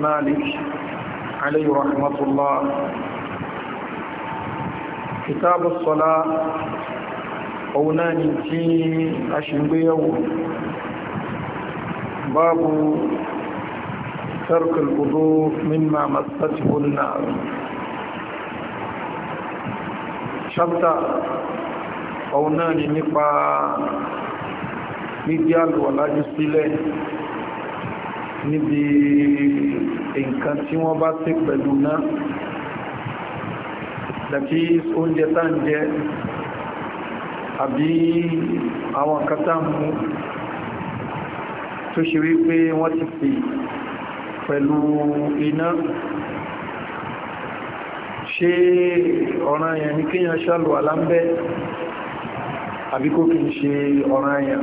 مالك عليه رحمة الله كتاب الصلاة قولان في أشنبي باب ترك الوضوء مما مسته النار شبتا قولان نقبى بيديال ولا جسلين níbi nǹkan tí wọ́n bá sí pẹ̀lú náà dàbí oúnjẹ tá ń jẹ àbí àwọn nǹkan tá ń mú tó ṣe wípé wọ́n ti pè pẹ̀lú iná ṣe ọ̀ràn yẹn ní kíyàn ṣàlùwà lámbẹ́ àbí kìí ṣe ọ̀ràn yẹn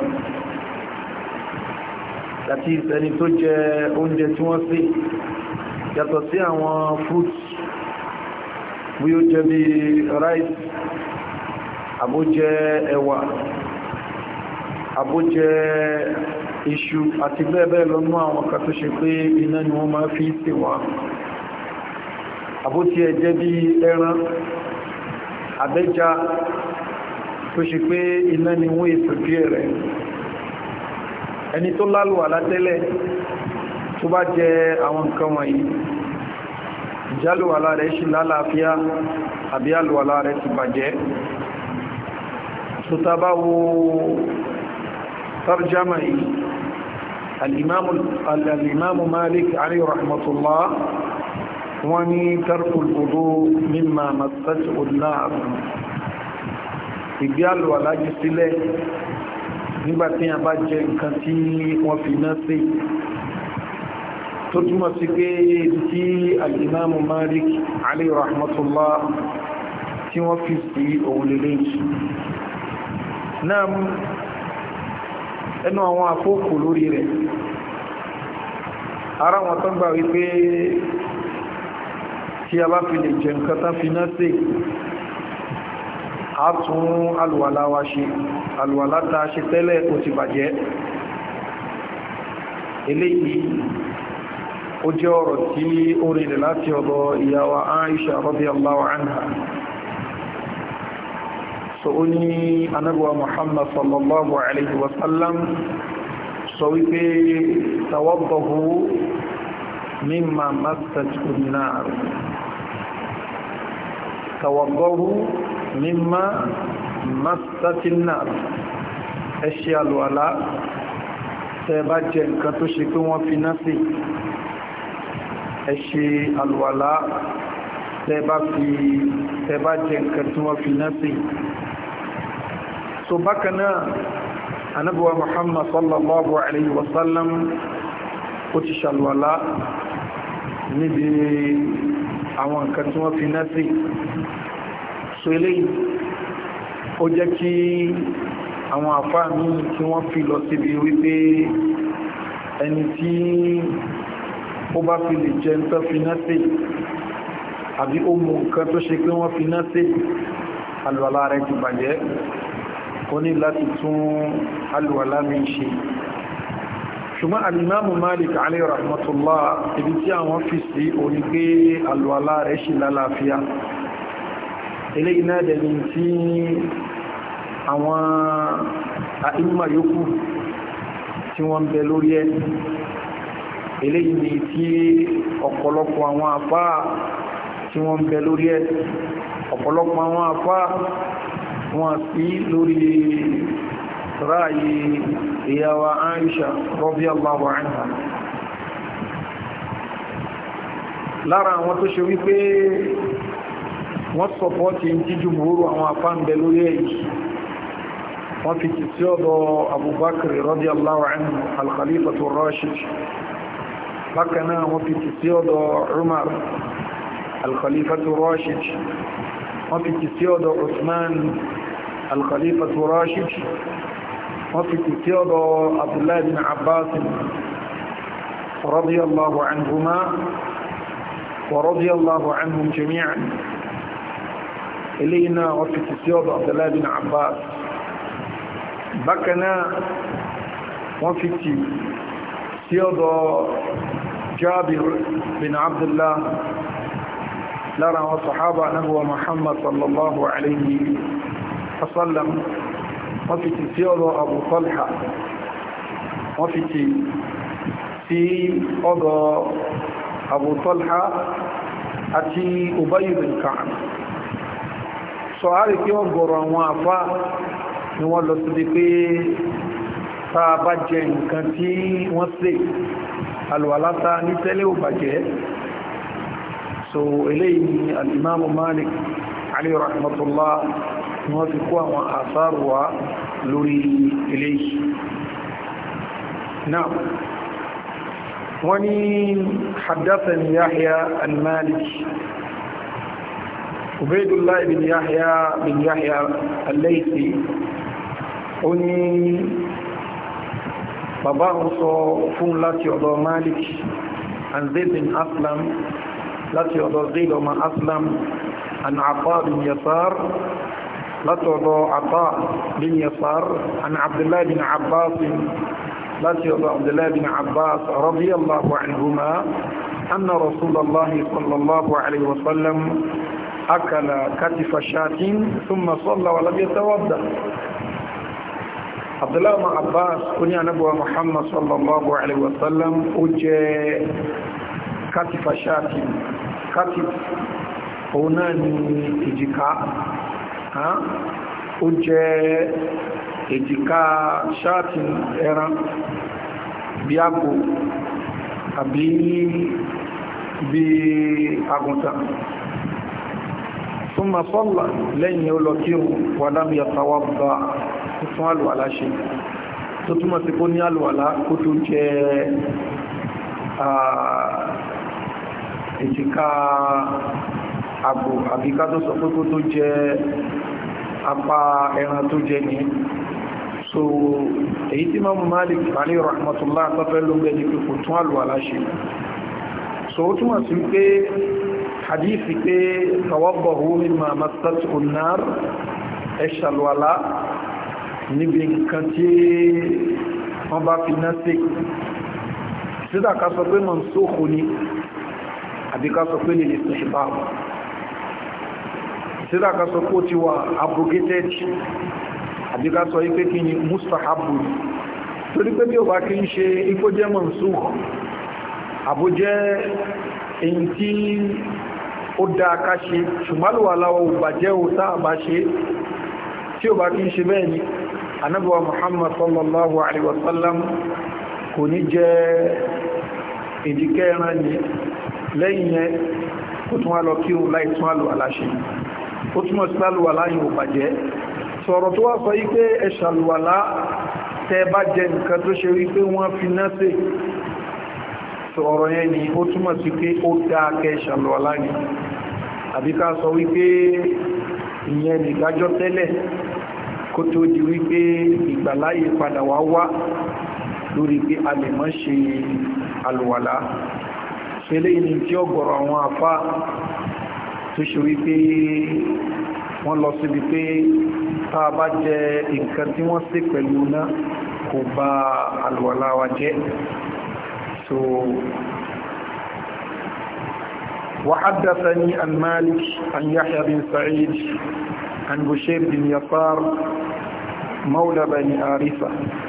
àti ẹni tó jẹ oúnjẹ tí wọ́n sè yàtọ̀ sí àwọn fruits bí ó jẹ bí rice àbójẹ ẹ̀wà àbójẹ iṣu àti bẹ́ẹ̀bẹ́ẹ̀ lọ mú àwọn kan tó ṣe pé iná ni wọ́n máa fi sè wọ́n àbótí ẹ̀jẹ́ bí ẹran àbẹ́já tó ṣe pé iná ni wọ́n ètò díẹ̀ rẹ̀ ẹni tó lálùwàlá tẹ́lẹ̀ tó bá jẹ àwọn nǹkan wọ̀nyí ìjálùwàlá rẹ̀ ṣì lálàáfíà àbí àlùwàlá rẹ̀ ti bàjẹ́ tó tàbá wo tarjama yìí al'imamu malik alayhi rahmatullah wọ́n ní tarkul wudu mimma matsatsu ìgbé àlùwàlá jù sílẹ̀ nígbà tí a bá jẹ nǹkan tí wọ́n fi iná sí tó túnmọ̀ sí pé tí alìmáàmù Malik alayhi rahmatullah tí wọ́n fi sí òun lè náà ẹnu àwọn àkókò lórí rẹ̀ ara wọn tó gbà wípé tí a bá fi lè jẹ nǹkan tán fi iná sí a tún ṣe àlùwàlá tá a ṣe tẹ́lẹ̀ ó ti bàjẹ́ eléyìí ó jẹ́ ọ̀rọ̀ tí ó rìnlẹ̀ láti ọ̀dọ̀ ìyá wa Aisha radiyallahu anha so ó ní anábíwa Muhammad sallallahu alaihi wasallam sọ wípé tawaddahu mimma massathu masatina ẹṣẹ́ alùwàlá tẹ́ bá jẹ nǹkan tó ṣe pé wọ́n fi ná sí ẹṣẹ́ alùwàlá tẹ́ bá jẹ nǹkan tí wọ́n fi ná sí so bákanáà anábíwa muhammad sallallahu alaihi wasallam ó ti ṣàlùwàlá níbi àwọn nǹkan tí wọ́n fi ná sí so eléyìí ó jẹ́ kí àwọn àfáà mi tí wọ́n fi lọ síbi wípé ẹni tí ó bá fi lè jẹ nǹkan fináṣe àbí ó mú nǹkan tó ṣe pé wọ́n fináṣe alùwàlá rẹ̀ ti bàjẹ́ ó ní láti tún alùwàlá mi ṣe ṣùgbọ́n alìmáàmù Malik alayhi rahmatullah ibi tí àwọn fi sí orí pé alùwàlá rẹ̀ ṣe lálàáfíà eléyìí náà dẹ̀yìn tí àwọn àìmọ̀ yòókù tí wọ́n ń bẹ lórí ẹ̀ eléyìí ni tí ọ̀pọ̀lọpọ̀ àwọn àfá tí wọ́n ń bẹ lórí ẹ̀ ọ̀pọ̀lọpọ̀ àwọn àfá wọn sí lórí ráàyè ìyàwó Aisha radiyallahu anha lára àwọn tó ṣe wípé wọ́n sọpọ́ ti ń jíjú mòórù àwọn àfá ń bẹ lórí ẹ̀ وفي تسيوده أبو بكر رضي الله عنه الخليفة الراشد بكنا وفي تسيوده عمر الخليفة الراشد وفي تسيوده عثمان الخليفة الراشد وفي تسيوده عبد الله بن عباس رضي الله عنهما ورضي الله عنهم جميعا إلينا وفي تسيوده عبد الله بن عباس bákanáà wọ́n fi tì sí ọ̀dọ̀ Jabir bin Abdullah lára àwọn sàhábà náà Muhammad sallallahu alayhi wasallam wọ́n fi tì sí ọ̀dọ̀ Abu Talha wọ́n fi tì sí ọ̀dọ̀ Abu Talha àti Ubay bin Ka'b sọ̀hárì kí wọ́n gọ̀rọ̀ àwọn àfá ni wọ́n lọ sí di pé tá a bá jẹ nǹkan tí wọ́n sè alùwàlátà ní tẹ́lẹ̀ ò bàjẹ́ so eléyìí ni alìmáàmù Malik alayhi rahmatullah ni wọ́n fi kó àwọn àsáàrù wa lórí eléyìí náà wọ́n Yahya al-Malik Ubaydullah ibn Yahya bin Yahya al-Laythi ó ní bàbá ń sọ fún láti ọ̀dọ̀ malik and zayd bin aslam láti ọ̀dọ̀ zayd ọmọ aslam and afa bin yasar láti ọ̀dọ̀ afa bin yasar and abdullahi bin abbas láti ọ̀dọ̀ abdullahi bin abbas radiyallahu anhuma anna rasulallah sallallahu alaihi wasallam akala katifa shatin thumma salla wa lam abdullahi abbas ó ní anábọ̀wà muhammad sallallahu alaihi wasallam ó jẹ́ katifa ṣáàkì katif òun náà ni èjìká ó jẹ́ èjìká ṣáàtì ẹran bí àgbò àbí bí àgùntàn súnmọ̀ sọ́lá lẹ́yìn olókírù wàdám kó tún àlùwàlá ṣe tó túnmọ̀ sí kó ní àlùwàlá kó tó jẹ èjìká àbò àbíká tó sọ pé kó tó jẹ apá ẹran tó jẹ ní so èyí tí mọ́mù Malik fàní rahmatullah afẹ́fẹ́ ló gbẹ́ ní pé kò tún àlùwàlá ṣe so ó túnmọ̀ sí pé hadithi pé tawabbahu mimma massat unnar ẹ̀ṣàlùwàlá níbi nǹkan tí wọ́n bá fi ná sí sídà ká sọ pé mansukh ni àbí ká sọ pé lè lè ṣùgbà sídà ká sọ pé ó ti wà abrogated àbí ká sọ ipé kí ni mustahabu torí pé bí ó bá kí ń ṣe ipò jẹ́ mansukh àbójẹ́ èyí tí ó dá ká ṣe ṣùgbálùwà láwọ̀ ògbàjẹ́ òta àbáṣe tí ó bá kí ń ṣe bẹ́ẹ̀ ni anábọ̀wà muhammad sallallahu alaihi wasallam kò ní jẹ ìdíkẹ́ ẹran ní lẹ́yìn yẹn ó tún wá lọ kí o láì tún àlò aláṣẹ ó túnmọ̀ sí àlò aláyìn ò bàjẹ́ sọ̀rọ̀ tó wá sọ yí pé ẹ̀ṣàlùwàlá tẹ́ bá jẹ nǹkan tó ṣe wípé wọ́n fi náà sí ọ̀rọ̀ yẹn ni ó túnmọ̀ sí pé ó dáa kẹ́ ẹ̀ṣàlùwàlá ni àbíká sọ wípé ìyẹn nìdájọ́ tẹ́lẹ̀ kó tó di wípé ìgbàláyè padà wá wá lórí pé a lè mọ́ ṣe alùwàlá ṣẹlẹ̀ ìní tí ó gbọ́rọ̀ àwọn afá tó ṣe wípé wọ́n lọ síbi pé tá a bá jẹ nǹkan tí wọ́n ṣe pẹ̀lú náà kò bà alùwàlá wa jẹ́ so وحدثني عن مالك عن يحيى بن سعيد عن بشير بن يسار مولى بني عارفة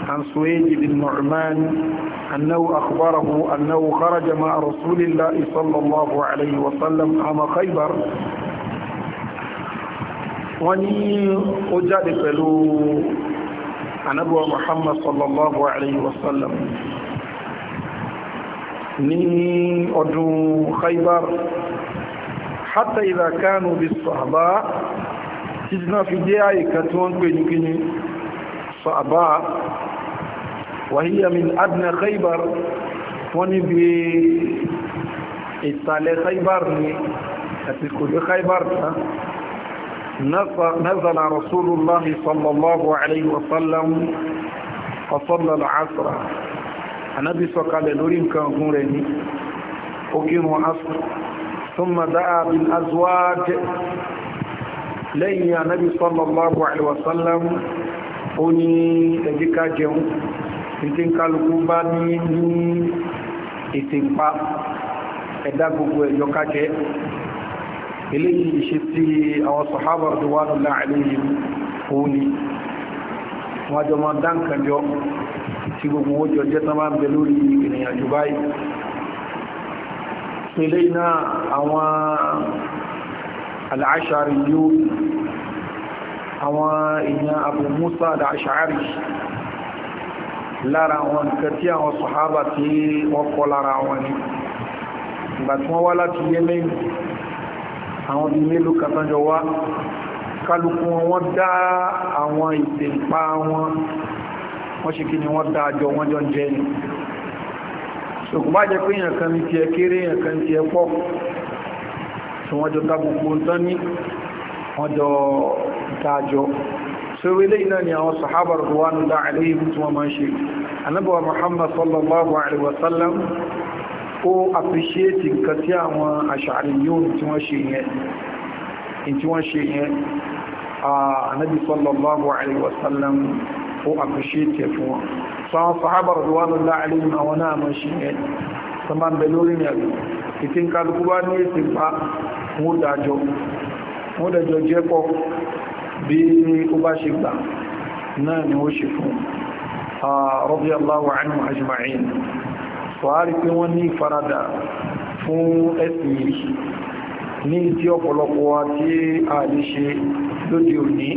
عن سويد بن نعمان أنه أخبره أنه خرج مع رسول الله صلى الله عليه وسلم عام خيبر وني أجاد فلو أبو محمد صلى الله عليه وسلم ني أدو خيبر حتى إذا كانوا بالصحباء títí náà fi dé ààyè kan tí wọ́n ń pè ní kíní sàbá wàhíyà min adna khaybar wọ́n ní bí ìsàlẹ̀ khaybar ni àti kò dé khaybar tán نزل رسول الله صلى الله عليه وسلم فصلى العصر النبي صلى الله عليه وسلم كان هنرني وكان عصر ثم دعا بالأزواج lẹ́yìn anábi sallallahu alaihi wasallam ó ní ẹjíká jẹun ìtí ń kálukú bá ní ní ìtìpa ẹ̀dá gbogbo ẹ̀yọ kájẹ́ eléyìí ìṣe tí àwọn sọ̀hábà radwanullahi alaihim òun ni wọ́n jọ aláṣàrí yóò àwọn èèyàn Abu Musa aláṣàrí lára àwọn nǹkan tí àwọn sọ̀hábà tí wọ́n kọ́ lára wọn ni ìgbà tí wọ́n wá láti Yemen àwọn bí mélòó kàtànjọ wá kálukú wọn wọ́n dá àwọn ìpèpá wọn wọ́n ṣe kí ni wọ́n dá àjọ wọ́n jọ jẹ́ ni ṣùgbọ́n bá jẹ́ pé èèyàn kan ti ẹ kéré èèyàn kan ti ẹ pọ̀ tí wọ́n jọ tábùkú tán ní wọ́n jọ dájọ́ so ilé iná ni àwọn sahabar ruwanu da alayhim tí wọ́n máa ṣe anábọ̀wà muhammad sallallahu alaihi wasallam ó appreciate nǹkan tí àwọn aṣàríyún tí wọ́n ṣe yẹn anábi sallallahu alaihi wasallam ó appreciate fún wọn so àwọn sahabar ruwanu da alayhim àwọn náà máa ṣe yẹn ìtí kálukú bá ní èsì pa wọ́n dájọ́ wọ́n dájọ́ jẹ́ pọ̀ bí ó bá ṣe gbà náà ni ó ṣe fún radiyallahu anhum ajma'in fàárí pé wọ́n ní ìfaradà fún ẹ̀sìn yìí ní tí ọ̀pọ̀lọpọ̀ wa tí lóde òní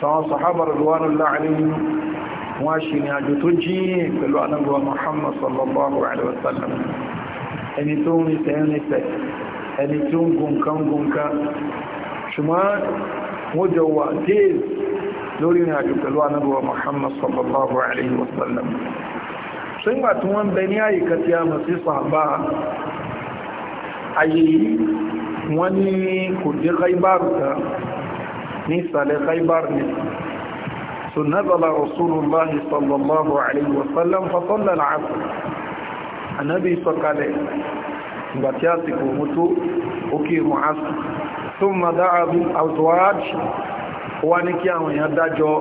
sọ́wọ́n sọ̀hábà radiyallahu anhum wọ́n ṣe ní tó jíyìn pẹ̀lú anábọ̀ Muhammad sallallahu alaihi wasallam ẹni tó ń rìnṣẹ́ ń rìnṣẹ́ ẹni tó ń gun kan gun kan ṣùgbọ́n wọ́n jọ wà déèz lórí ìrìn àjò pẹ̀lú anábọ̀wà Muhammad sallallahu alayhi wa sallam ṣe ń gbà tí wọ́n bẹ ní àyíká tí a mọ̀ sí sàbá ànábì sọ̀kalẹ̀ ìgbà tí àsìkò mú tó òkè ìrùn asù tó ma dáàbù àwùtọ́wàájì wá ní kí àwọn èèyàn dájọ́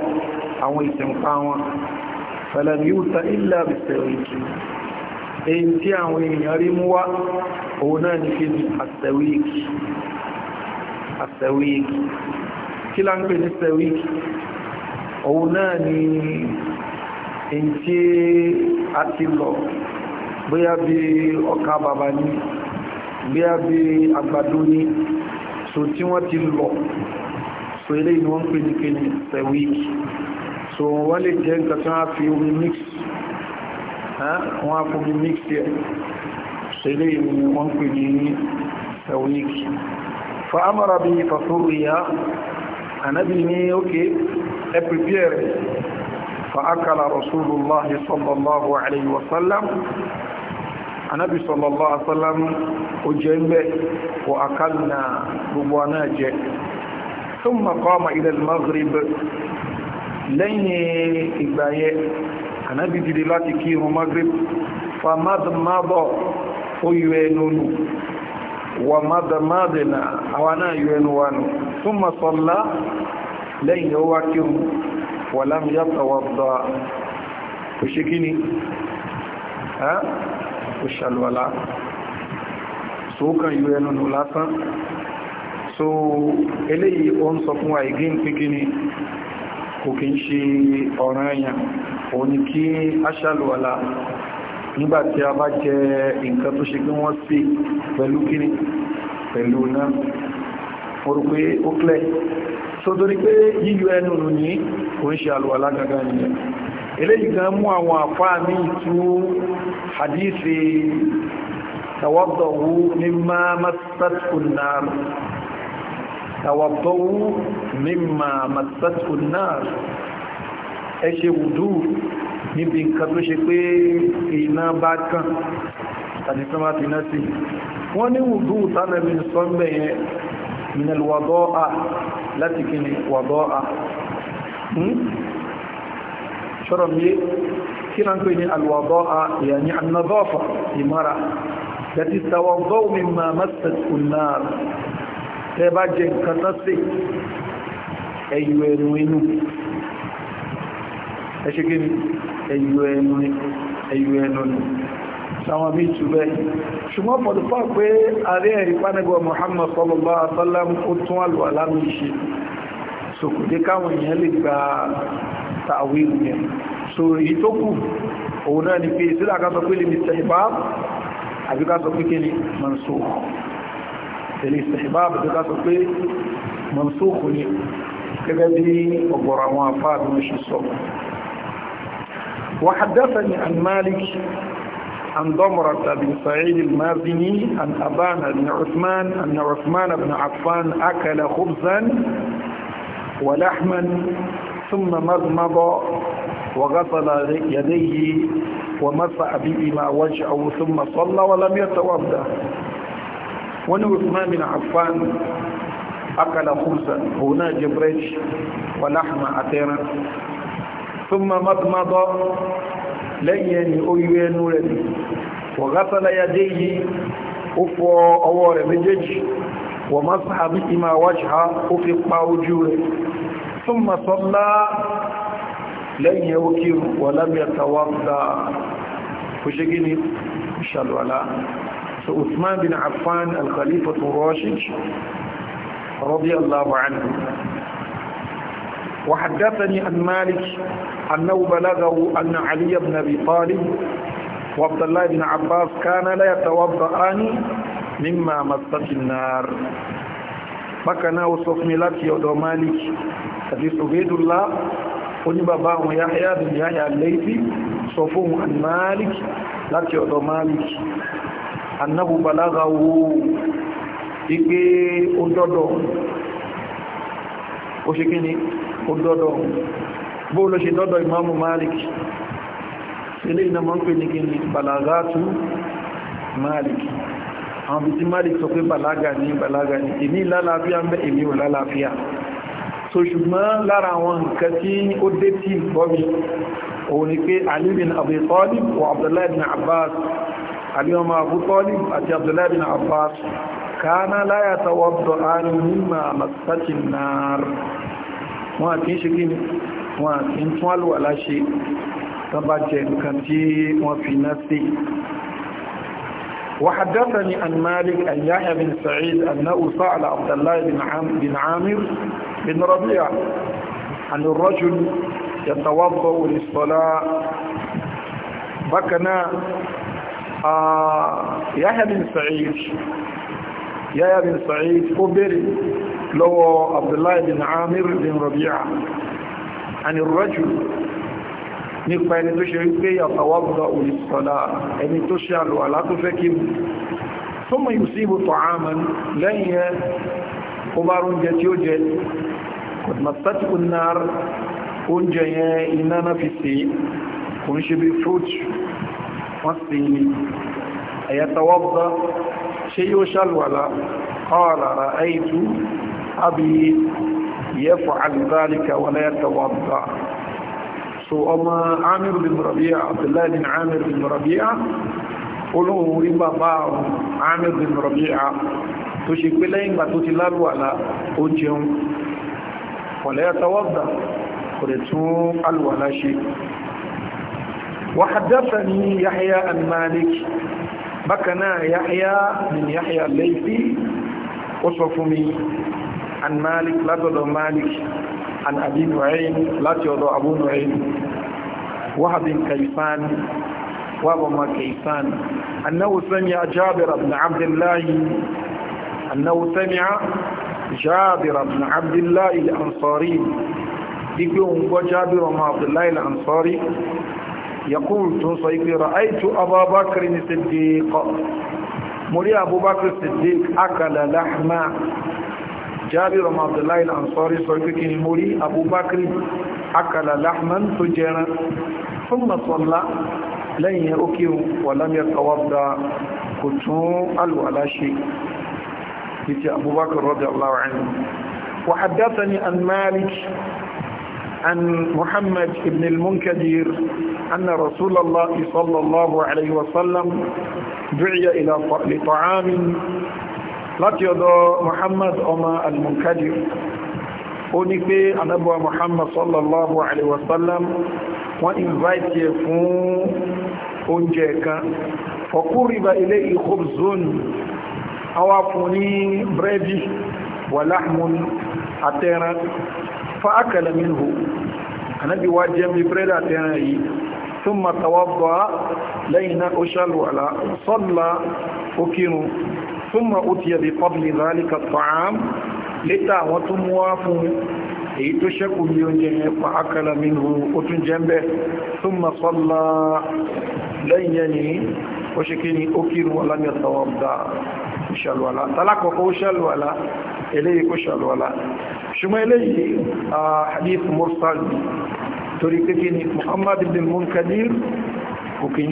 àwọn ìsìnká wọn fẹ̀lẹ̀míúta ilẹ̀ àbìsẹ̀wìkì èyí tí àwọn èèyàn rí mú wá òun náà ní kí àsẹ̀wìkì àsẹ̀wìkì kí lá ń pè ní sẹ̀wìkì bóyá bí ọkà bàbá ní bóyá bí àgbàdo ní so tí wọ́n ti lọ so ilé ìlú wọ́n pè ní kíni sẹ̀wíkì so wọ́n lè jẹ́ nǹkan tí wọ́n fi omi mix wọ́n á fún mi mix yẹ so ilé ìlú wọ́n pè ní sẹ̀wíkì fa amara bí fàfúrú ìyá anábì ní ókè ẹ prepare fa akala rasulullahi sallallahu alaihi wasallam anábì sallallahu alaihi wasallam ó jẹ́ ń bẹ́ wọ akalna gbogbo aná jẹ́ thumma qama ila al-maghrib lẹ́yìn ìgbà yẹ anábì dìde láti kí irun maghrib fa madmada ó yọ ẹnu nù wà mádàmádìnà àwọn náà yọ ẹnu wa nù thumma salla lẹ́yìn ó wá kí irun wà lam yatawadda kò ṣe kò ṣàlùwàlá so kan yú ẹnu nù lásán so eléyìí o ń sọ fún wa igé ń ni kò kí ń ṣe ọ̀ràn èèyàn o ní kí a ṣàlùwàlá nígbàtí a bá jẹ nǹkan tó ṣe pé sí pẹ̀lú kíní pẹ̀lú náà orú ó klẹ̀ eléyìí gan mú àwọn àfáà ní ìtú hadithi tawabdahu mimma masatkun nar tawabdahu mimma masatkun nar ẹ ṣe wùdú níbi nǹkan tó ṣe pé iná bá kàn tàbí tán bá ti ná sí wọ́n ní wùdú tánàbí sọ́mbẹ̀ minal wàdọ́ à láti kí ni wàdọ́ à hmm? ṣọ́rọ̀ mi kí náà ń pè ní alwada'a yani an-nadafa ìmára yàtí tawadau mimma massathu an-nar tẹ́ bá jẹ nǹkan tán sí ẹ̀yù ẹnu inú ẹ̀ṣẹ́gẹ́ ni ẹ̀yù ẹnu ẹ̀yù ẹnu ni sáwọn bí ìtùbẹ́ ṣùgbọ́n pọ̀lúpọ̀ pé ààrẹ ẹ̀rí pánẹ́gbọ̀ Muhammad sallallahu alaihi wasallam ó tún àlùwàlá mi ṣe sòkòdé káwọn èèyàn lè gba التعويل من سورة يتوقف هنا في سورة قصر كل الاستحباب أبي قصر كل منسوخ الاستحباب أبي قصر كل منسوخ كذلك وبرعوان فاد وحدثني عن مالك عن ضمرة بن سعيد المازني عن أبان بن عثمان أن عثمان بن عفان أكل خبزا ولحما ثم مضمض وغسل يديه ومسح بهما وجهه ثم صلى ولم يتوضا وأن عثمان بن عفان أكل خبزا هنا جبريش ولحم عتيرا ثم مضمض لين أيوين لدي وغسل يديه أفو أوار بجج ومسح بهما وجهه أفق وجوه ثم صلى لن يوكر ولم يتوضا فشكيني ان شاء الله عثمان بن عفان الخليفة الراشد رضي الله عنه وحدثني عن مالك أنه بلغه أن علي بن أبي طالب وعبد الله بن عباس كان لا يتوضأان مما مست النار bákaná ó sọ fún mi láti ọ̀dọ̀ malik àti ṣùgbẹ́dùlá oníbàbá àwọn yáyà bin yáyà lẹ́ìfí sọ fún an malik láti ọ̀dọ̀ malik annahu balaga wo ipé ó dọ́dọ̀ ó ṣe kí ni ó dọ́dọ̀ bó ló ṣe dọ́dọ̀ imamu malik ilé ìnàmọ́ pè ní kí ni balagatu malik àwọn bí tí malik sọ pé balaga ní balaga ní èmi lálàáfíà ń bẹ́ èmi ò lálàáfíà so ṣùgbọ́n lára àwọn nǹkan tí ó dé tí bọ́bí òun ni pé Ali bin Abi Talib wa Abdullahi bin Abbas Ali ọmọ Abu Talib àti Abdullahi bin Abbas kana la yatawadda'ani mimma masatin nar wọn àti ń ṣe kí ni àti ń ṣe وحدثني عن مالك عن يحيى بن سعيد أنه سأل عبد الله بن عامر بن ربيع عن الرجل يتوضأ للصلاة بكنا آه يحيى بن سعيد يحيى بن سعيد أبر لو عبد الله بن عامر بن ربيع عن الرجل nípa ẹni tó ṣe wípé wà yàtàwọ́gbà olùsọ̀lá ẹni tó ṣe àlùwàlá tó fẹ́ kí súnmọ̀ ìbùsí ìbò tọ̀ àmàn lẹ́yìn ẹ ó bá rúnjẹ tí ó jẹ kòtùmọ̀sátìkù náà oúnjẹ yẹn iná náà fi sí kò ń ṣe bí fruit wọ́n sí ni ẹ̀yàtàwọ́gbà ṣe yóò ṣàlùwàlá kọ́ọ̀lá ra ẹ̀yìn tú àbí yẹ́fọ̀ àlùbáríkà wọlé yàtàwọ́gbà so ọmọ amiru bin rabia abdullahi bin amiru bin rabia olóhun rí bàbá amiru bin rabia tó ṣe pé lẹ́yìn ìgbà tó ti lálùwàlá ó jẹun wọ̀lẹ́ àtàwọ́gbà kò rẹ̀ tún alùwàlá ṣe وحدثني يحيى عن مالك بكنا يحيى من يحيى الليثي وصفني عن مالك لا مالك an abi nu'ayn láti ọ̀dọ̀ abu nu'ayn wahab bin kaifan wahab ma kaifan annahu sami'a jabir ibn abdullah annahu sami'a jabir ibn abdullah al-ansari igbe òun gbọ́ jabir ọmọ abdullah al-ansari يقول تصيب رأيت أبا بكر الصديق مري أبو بكر الصديق أكل لحم jábí rọmọ abdullahi ansori sọ pé kí ni mo rí abubakar akala lahman tó jẹran fún masọ́lá lẹ́yìn ókè wàlámẹ́ tọwọ́dá kò tún alùwàlá ṣe títí abubakar radiyallahu anhu محمد بن المنكدير أن رسول الله صلى الله عليه وسلم دعي إلى لطعام láti ọ̀dọ̀ Muhammad ọmọ al-Munkadir ó ní pé anábọ̀ Muhammad sallallahu alaihi wasallam wọ́n invite yẹ fún oúnjẹ kan fọkúrìbà ilé khubzun awa fún ní brẹ́dì wà láhmùn àtẹran fa'akala minhu anábi wá jẹ́ mi brẹ́dì àtẹran yìí thumma tawadda lẹ́yìn náà ó ṣàlùwàlá sọ́lá ó súnmọ̀ ó ti ẹ̀bí kọ́bìlì zálíkà tààm létà àwọn tó mú wá fún èyí tó ṣẹ́kù bí oúnjẹ yẹn pa akala minhu ó tún jẹ́ mbẹ́ súnmọ̀ sọ́lá lẹ́yìn yẹn ni ó ṣe kí ni ó kírun wọn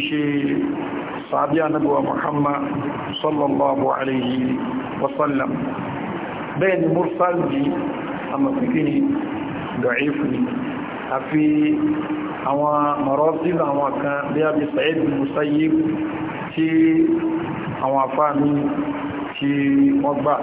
ṣe sàbí anábíwa muhammad sallallahu alayhi wa sallam bẹ́ẹ̀ ni mursal bí a mafi ni da'if ni a fi àwọn marosil àwọn kan bí a bí sa'id musayyib tí àwọn afáàmì tí wọ́n gbà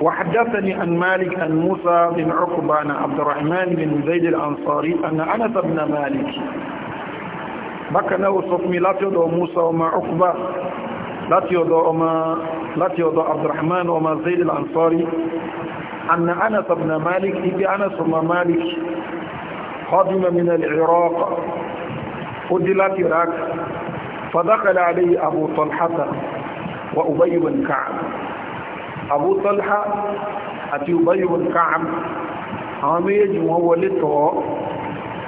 وحدثني عن مالك عن موسى بن عقبة عن عبد الرحمن بن زيد الأنصاري أن أنس بن مالك بكنا وصف لا ودو موسى وما عقبة لاتي ودو, وما لاتي ودو عبد الرحمن وما زيد الأنصاري أن أنس بن مالك إبي أنس وما مالك قادم من العراق قدلت العراق فدخل عليه أبو طلحة وأبي بن كعب Abu Talha àti Ubayy ibn Ka'b àwọn méjèèjì wọ́n wọlé tọ̀ ọ́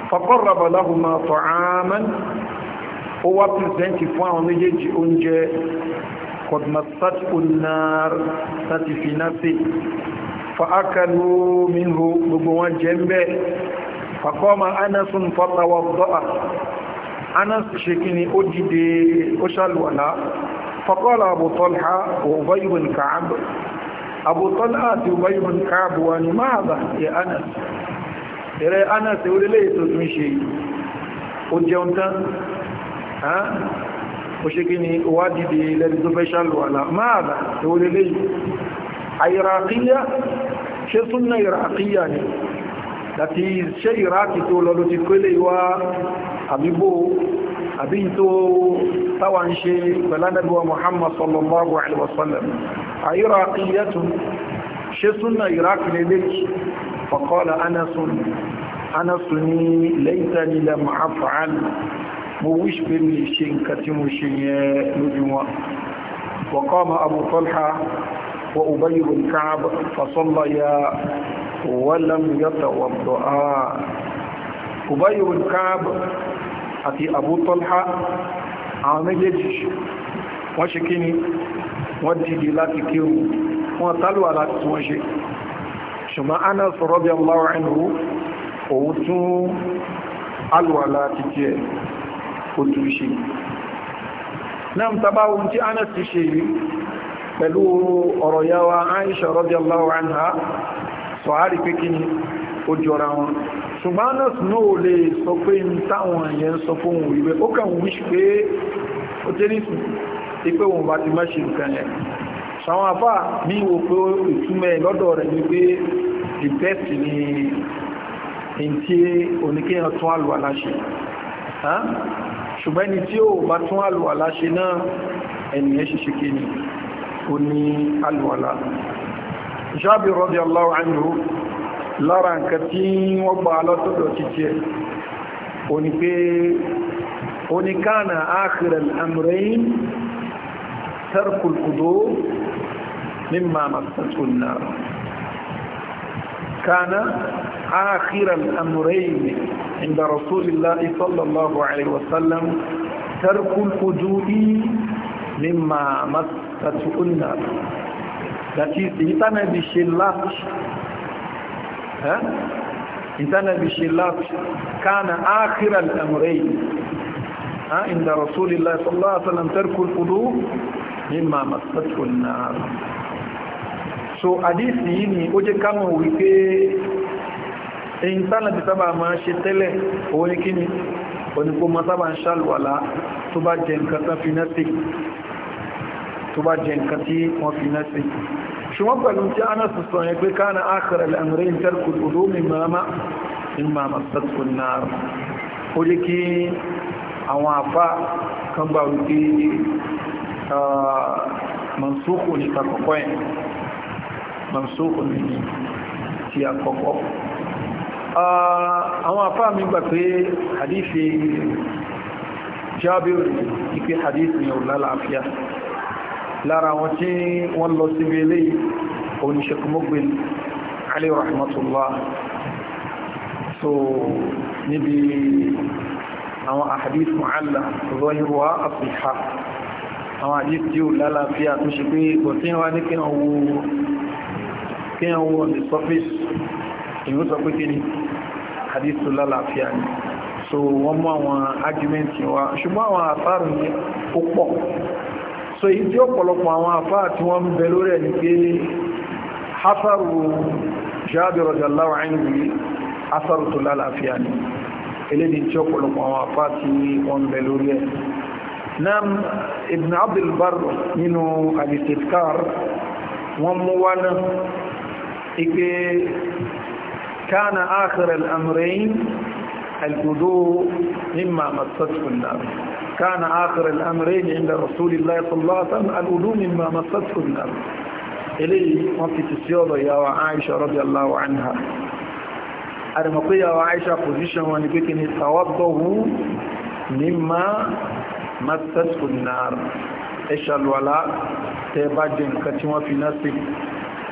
faqarraba lahuma ta'aman ó wá pìrìsẹ́ntì fún àwọn méjèèjì oúnjẹ kọ̀dùmọ̀sát onar láti fi náà sí fa'akalu minhu gbogbo wọn jẹ ń bẹ́ faqama Abu Talha àti Ubay ibn Ka'b wà ní máa bà ẹ̀ Anas ẹ̀rẹ́ Anas orílẹ̀ ètò tún ṣe ó jẹun tán ó ṣe kí ni wá dìde lẹ́ni tó fẹ́ ṣàlùwàlá máa bà orílẹ̀ àìràkíyà ṣe súnmọ́ ìràkíyà ni láti ṣe ìràkì tó lọ ló ti pélé wá àbíbò عراقية شسن عراق لديك فقال أنس أنس ليتني لم أفعل موش بمشين كتمشين نجوا وقام أبو طلحة وأبي بن كعب فصليا ولم يتوضا أبي الكعب أتي أبو طلحة عامل يجيش وشكيني wọ́n dìde láti kírù wọ́n tálùwà láti tún wọ́n ṣe ṣùgbọ́n Anas radiyallahu anhu òun tún alùwàlá ti jẹ́ ó tún ṣe náà tàbá ohun tí Anas ti ṣe yìí pẹ̀lú ọ̀rọ̀ yáwa Aisha radiyallahu anha sọ̀hárì pé kí ni ó jọra wọn ipé wọn bá ti mẹ́ṣe nǹkan yẹn ṣàwọn afá ní ìwò pé ìtumẹ̀ lọ́dọ̀ rẹ̀ ní pé ìbẹ́ẹ̀t ni in tí oníkéyàn tún àlù aláṣẹ ṣùgbọ́n ẹni tí ó bá tún àlù aláṣẹ náà ẹniyàn ṣiṣẹ́ kí ni ó ní àlù alá Jábì radiyallahu anhu lára nǹkan tí wọ́n gba lọ́tọ̀dọ̀ títí ẹ̀ ó ní pé ó ní kánà ترك القدور مما مسته النار كان آخر الأمرين عند رسول الله صلى الله عليه وسلم ترك القدور مما مسته النار لكن is, ìtànàbí ṣe láti, ìtànàbí ṣe láti, kánà عند رسول الله صلى الله عليه وسلم ترك القدور mímọ̀ àmàtàtò náà so àdísì yìí ni ó jẹ́ kámọ̀ wípé èyí tánàbí sábà máa ṣe tẹ́lẹ̀ owó ní kíni onípo ma sábà ń ṣàlùwàlá tó bá jẹ nǹkan tán fi náà sí tó bá jẹ nǹkan tí wọ́n fi náà sí ṣùgbọ́n pẹ̀lú tí a náà sọ yẹn pé káà náà ákàrà lẹ́mìírí ń tẹ́rù kùdù lómi màmá ń máa màtàtò náà ó jẹ́ kí àwọn àfá kan gbà wípé mọ̀sókò ní kàkọ́kọ́ ẹ̀ mọ̀sókò ní ti àkọ́kọ́ àwọn afá mi gbà pé hadithi jábíò ìpé hadithi ni ọ̀lá láàfíà lára wọn tí wọ́n lọ sí ilé oníṣẹ́kùnmọ́gbìn alayhi rahmatullah so níbi àwọn ahadith mu'alla zahiruwa asiha àwọn àdíf tí ó lálàáfíà tó ṣe pé kò tí wá ní kí wọ́n wo on the surface ìwú sọ pé kí ni àdíf lálàáfíà ni so wọ́n mú àwọn argument wa ṣùgbọ́n àwọn àfáàrù ní ó pọ̀ so èyí tí ọ̀pọ̀lọpọ̀ àwọn àfáà tí wọ́n ń bẹ lórí ẹ̀ ni pé hafaru Jabir radiyallahu anhu asaru tó lálàáfíà ni eléyìí tí bẹ lórí ẹ̀ nam ibn abdulbar nínú alistitkar wọ́n mú wá náà ike kana akhir al-amrayn الهدوء مما مسته النار كان آخر الأمرين عند رسول الله صلى الله عليه وسلم الهدوء مما مسته النار إليه وفي تسيوضة يا عائشة رضي الله عنها أرمقية وعائشة position ونبكني توضه مما matasunnar ẹ̀ṣàlùwàlá tẹ bá jẹ nǹkan tí wọ́n fi náà sí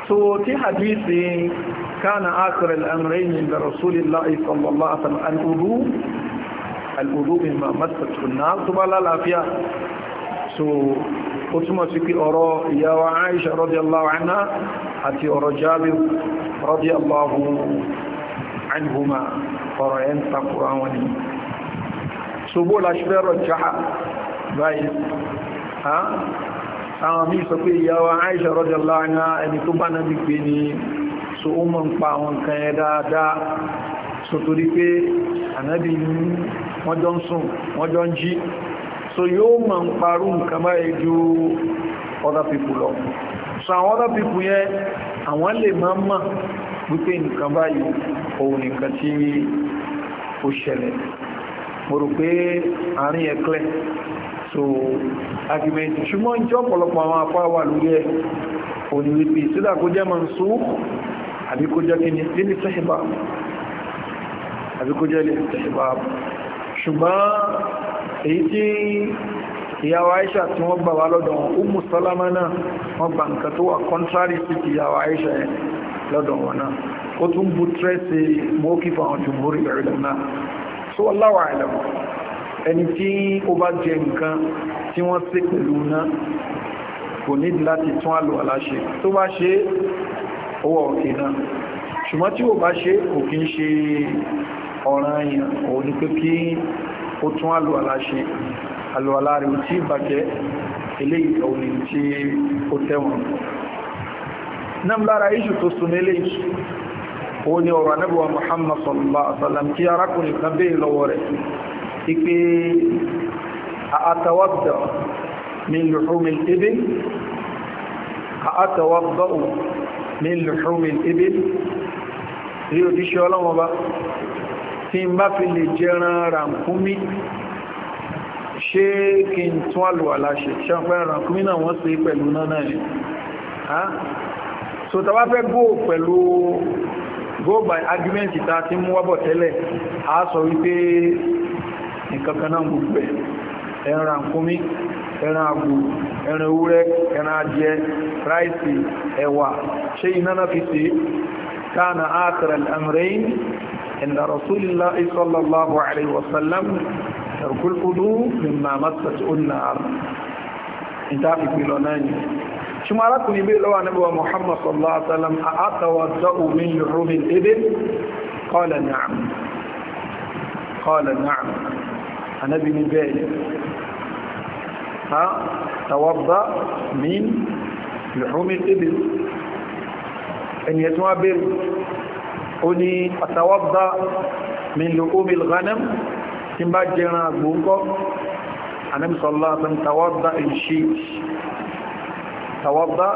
so tí hadisi kánà ákìrẹ̀ al'amrin da rasulillahi sallallahu alaihi wasallam al'udu al'udu min ma matasunnar tó bá lálàáfíà so ó túnmọ̀ sí pé ọ̀rọ̀ ìyàwó aisha radiyallahu anha àti ọ̀rọ̀ jabir radiyallahu anhuma ọ̀rọ̀ ẹ̀ ń takura wọn ni so la ṣe jaha báyìí àwọn míì sọ pé ìyá wa Aisha radiyallahu anha ẹni tó bá náà gbé ni so ó mọ́ ń pa àwọn nǹkan ẹ dáadáa so torí pé ànábì wọ́n jọ ń sùn wọ́n ń jí so yóò mọ̀ ń parú nǹkan báyìí ju other people lọ so àwọn other people yẹn àwọn lè máa mọ̀ wípé nǹkan báyìí òun nìkan tí ó ṣẹlẹ̀ mo rò pé àárín ẹ̀klẹ́ so argument ṣùgbọ́n jẹ́ ọ̀pọ̀lọpọ̀ àwọn apá wà lórí ẹ̀ òní wípé sídà kó jẹ́ mansukh àbí kó jẹ́ kíni lílì tẹ́ṣẹ̀bá àbí kó jẹ́ lílì tẹ́ṣẹ̀bá ṣùgbọ́n èyí tí ìyàwó Aisha tí wọ́n gbà wá lọ́dọ̀ Ummu Salama náà wọ́n gbà nǹkan tó wà contrary sí ti ìyàwó Aisha yẹn lọ́dọ̀ wọn náà ó tún bú tẹ́sí mọ́kí fún àwọn jùmúrí ìrìnà náà so wallahu a'lam ẹni tí ó bá jẹ nǹkan tí wọ́n sí pẹ̀lú náà kò ní láti tún àlò aláṣẹ tó bá ṣe owó ọ̀kẹ́ náà ṣùgbọ́n tí ó bá ṣe kò kí ń ṣe ọ̀ràn èèyàn òun ni pé kí ó tún àlò aláṣẹ àlò aláre tí bàjẹ́ eléyìí òun tí ó tẹ́wọ̀n náà lára iṣu tó sún eléyìí òun ni ọ̀rọ̀ anábíwá Muhammad sallallahu alaihi wasallam kí arákùnrin kan béè lọ́wọ́ rẹ̀ ipe àtàwàbdà min luhumil ibil àtàwàbdà min luhumil ibil rí òdíṣẹ́ ọlọ́mọba tí n bá fi lè jẹran ràǹkúmí ṣé kí n tún àlùwàlá ṣe ṣàpẹ́ ràǹkúmí náà wọ́n sí pẹ̀lú náà náà so ta fẹ́ go pẹ̀lú go by argument ta ti mú wábọ̀ tẹ́lẹ̀ a sọ wípé nǹkan kan náà gbogbo ẹ̀ ẹran àkúnmí ẹran àgbò ẹran ewúrẹ́ ẹran ajẹ́ ráìsì ẹ̀wà ṣe iná náà fi sí káàna ákàrà al-amrayn inda rasulillah sallallahu alaihi wasallam tarkul kudu mimma masat unnar ìta fi pìlọ náà ni ṣe mara kù ní bí lọ́wọ́ anábíwa muhammad sallallahu alaihi wasallam a qala na'am qala na'am anábi ní bẹ́ẹ̀ ha tàwàbá min lùhúmi tìbí ẹni ẹ̀tún wá bèèrè ó ní àtàwàbá min lùhúmi lùhánam tí bá jẹran àgbóǹkọ́ anábi sọ́lá tán tàwàbá in ṣí tàwàbá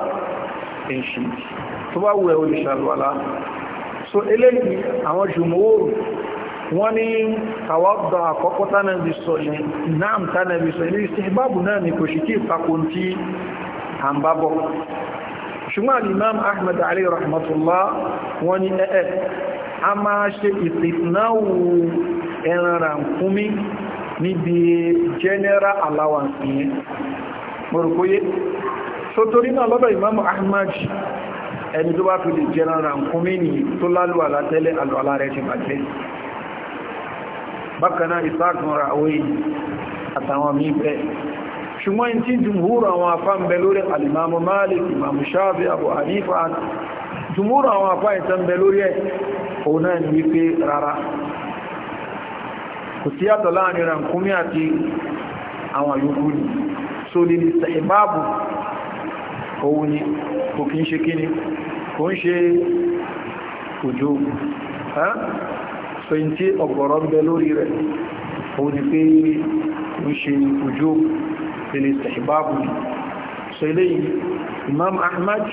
in ṣí tó bá wù ẹ̀ so eléyìí àwọn jùmọ̀ wọ́n ní àwọ́dọ̀ àkọ́kọ́ tánàbí sọ ìnáàm tánàbí sọ ilé istihbabu náà ni kò sì kí ìtakùn tí a ń bá bọ̀ ṣùgbọ́n alimam ahmed ali rahmatullah wọ́n ní ẹ̀ẹ́ a máa ṣe ìtìtìnáwò ẹran ràǹkúnmí níbi general allowance yẹn mọ̀rùkóyé so torí náà lọ́dọ̀ imam bákanáà ìsáàkùn ra òye àtàwọn mí bẹ́ ṣùgbọ́n tí jùmúrù àwọn afá ń bẹ lórí alìmàmù Malik imamu Shafi Abu Hanifa jùmúrù àwọn afá ìtàn bẹ lórí ẹ̀ òun náà ní wípé rárá kò sí ni so lè ni kò kí ń ṣe kíni so in tí ọ̀gọ̀rọ̀ ń bẹ lórí rẹ̀ òun ni pé ń ṣe ojú ilé istihbab so eléyìí imam ahmad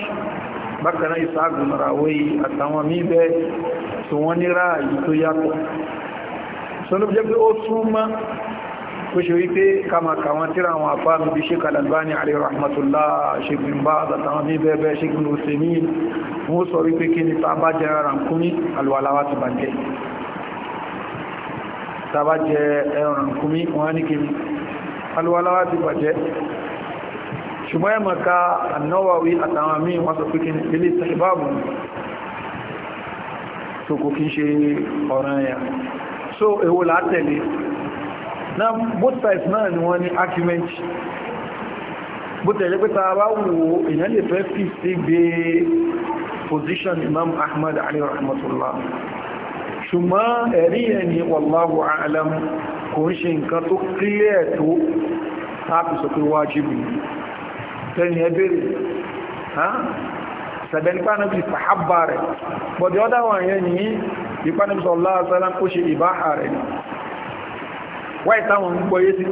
bákaná ìsáàgùn ràwẹ́ àtàwọn mí bẹ́ tí wọ́n ní ráàyí tó yàtọ̀ so ló jẹ́ pé ó súnmọ́ ó ṣe wípé kàmàkà wọn tíra àwọn àfáàmì bí ṣe kalabani alayhi rahmatullah ṣegbìn bá àtàwọn mí bẹ́ẹ̀ bẹ́ẹ̀ ṣegbìn òsèmí wọ́n sọ wípé kí ni tàbá jẹ́ ránkúní alwàláwà ti bàjẹ́ tàbá jẹ ẹran kúmí wọ́n ní kìí alúwàláwà ti bàjẹ́ ṣùgbọ́n ẹmọ̀ ká annáwàwí àtàwọn míì wọ́n sọ pínkín ilé ìtàkìbáàbù tó kò kí ṣe ọ̀ràn ẹ̀yà so èwo látẹ̀lé na both sides náà ni wọ́n ní argument bó tẹ̀lé pé tàbá wò èèyàn lè fẹ́ fi sí gbé position Imam Ahmad Ali rahmatullah ṣùgbọ́n ẹ̀rí ẹni wallahu a'lam kò ń ṣe nǹkan tó kílẹ̀ tó láti sọ pé wájìbì tẹ́ni ẹbẹ̀rẹ̀ sẹ̀bẹ̀ni pánàbí sàhábà rẹ̀ bọ̀dí ọ́dá wọn yẹn ní ìpánàbí sallallahu alaihi wasallam kó ṣe ìbáhà rẹ̀ wáyé táwọn ń gbọ́yé sí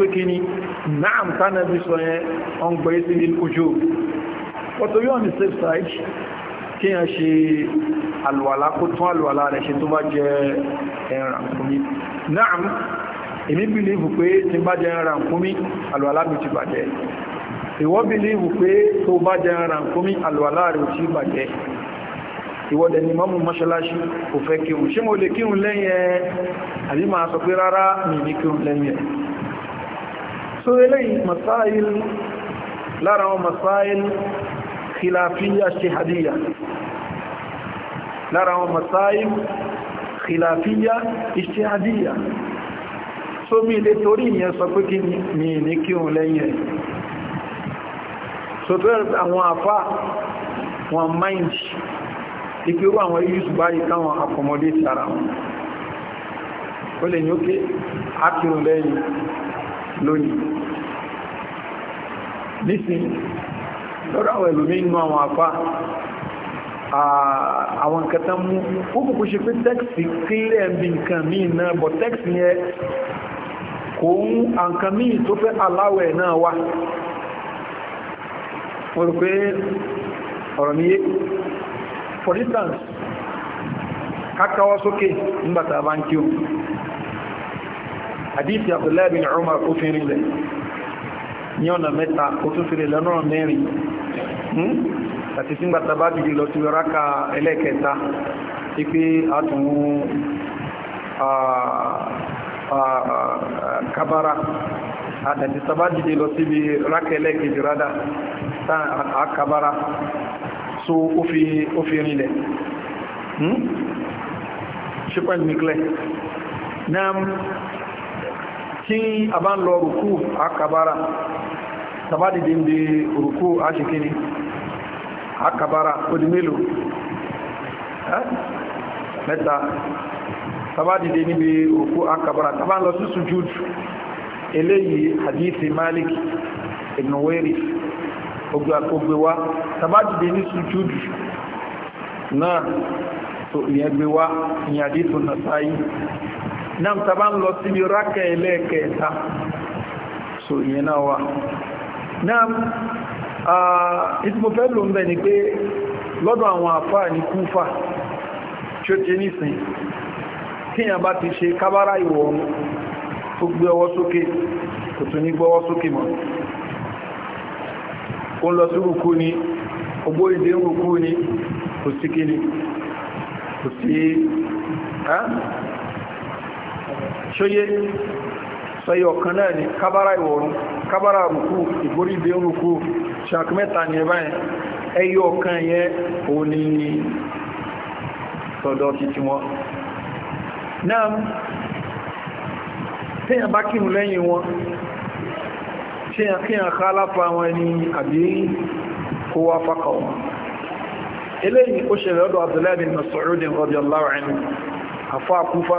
kíyàn ṣe alwàlá kó tún alwàlá rẹ̀ ṣe tó bá jẹ ẹran kúmí náà èmi bìlíìfù pé tí bá jẹ ẹran kúmí alwàlá mi ti bàjẹ́ ìwọ bìlíìfù pé tó bá jẹ ẹran kúmí alwàlá rẹ̀ ti bàjẹ́ ìwọ́dẹ̀ ni mọ́mù mọ́ṣálásí kò fẹ́ kírun ṣé mo lè kírun lẹ́yìn ẹ̀ àbí máa lára àwọn masáyí kìláfíyà ìṣẹ́adíyà tó bí ilé torí ìyẹn sọ pé kí ní ní kí òun lẹ́yìn ẹ̀ so tó àwọn àfá wọn mind ìpérú àwọn yíṣù báyìí káwọn accommodate ara wọn ó lè ní ókè ákìrùn lẹ́yìn lónìí nísìn lọ́rọ̀ àwọn ẹlòmí inú àwọn àfá àwọn nǹkan tán mú ó kùkù ṣe pé tẹ́kìsì kílẹ̀ bí nǹkan míì náà bọ̀ tẹ́kìsì yẹn kò ń nǹkan míì tó fẹ́ aláwẹ̀ náà wá mo rò pé ọ̀rọ̀ mi yé for instance kákáwọ́ sókè nígbàtà bá ń kí o àdíṣì Abdullahi bin Umar ní ọ̀nà mẹ́ta ó tún fi lọ́nà mẹ́rin hmm? àti tí ń gbàtà bá dìde lọ sí ráka ẹlẹ́kẹta tí pé a tún kábára àtàtì sábà dìde lọ síbi ráka ẹlẹ́kẹjì rádà tán àkábára so ó fi rinlẹ̀ ṣípẹ́lì nìklẹ̀ náà tí a bá ń lọ rùkú àkábára sábà dìde ń di rùkú àṣìkíní akabara ó di mélòó mẹ́ta tàbá dìde níbi òkú akabara tàbá lọ sí sùjúdù eléyìí hadithi malik ibn wairis ogbè àkógbèwá tàbá dìde ní sùjúdù náà tó ìyẹn gbé wá ìyẹn àdìtò nàṣáyí náà tàbá ń lọ síbi rákẹ̀ ẹlẹ́ẹ̀kẹta so ìyẹn náà wá náà ìtí mo fẹ́ lò ń bẹ̀ ni pé lọ́dọ̀ àwọn àfá ní kúfà tí ó ti nísìn kíyàn bá ti ṣe kábára ìwọ̀ tó gbé ọwọ́ sókè kò tún ní gbọ́wọ́ sókè mọ́ o ń lọ sí rùkú ni ogbó ìdé rùkú ni kò sí kí ni kò sí ṣóyé sọyọ̀ kan náà ni kábára ìwọ̀ kábára rùkú ìgbórí ìdé rùkú ṣàkú mẹ́ta ni ẹbá yẹn ẹyọ ọ̀kan yẹn ò ní sọ́dọ̀ títí wọn náà tíyàn bá kírun lẹ́yìn wọn tíyàn kíyàn ká lápá wọn ni àbí kó wá fákà wọn eléyìí ó ṣẹlẹ̀ ọdọ̀ Abdullahi bin Mas'ud radiyallahu anhu àfọ́ gbà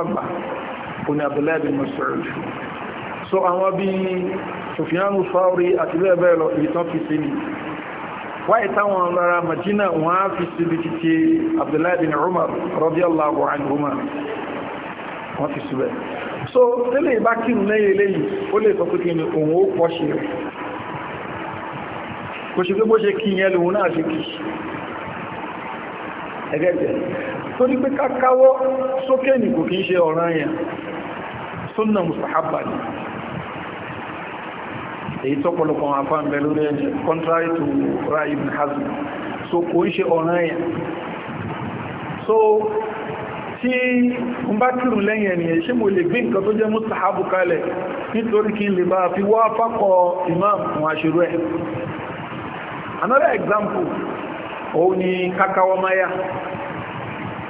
ó ní Abdullahi bin so àwọn bíi Sufyan Thawri àti bẹ́ẹ̀ bẹ́ẹ̀ lọ ìtàn fi sí ni wáyé táwọn lára Madina wọ́n á fi síbi títí Abdullahi bin Umar radiyallahu anhuma wọ́n fi síbẹ̀ so tẹ́lẹ̀ ìbá kírun lẹ́yìn eléyìí ó lè sọ pé kí ni òun ó pọ̀ ṣe rẹ̀ kò ṣe pé bó ṣe kí yẹn lòun náà ṣe kì í ẹgẹ́gẹ́ torí pé kákáwọ́ sókè sunna mustahabba ni èyí tọ́pọ̀lọpọ̀ afá ń bẹ lórí contrary to ra ibn hazm so kò ń ṣe ọ̀ràn ẹ̀yà so tí ń bá kírù lẹ́yìn ẹniyàn ṣe mo lè gbé nǹkan tó jẹ́ mustahabu kalẹ̀ nítorí kí n lè bá fi wá fákọ̀ imam fún aṣírò ẹ̀ another example òun ni kakawamaya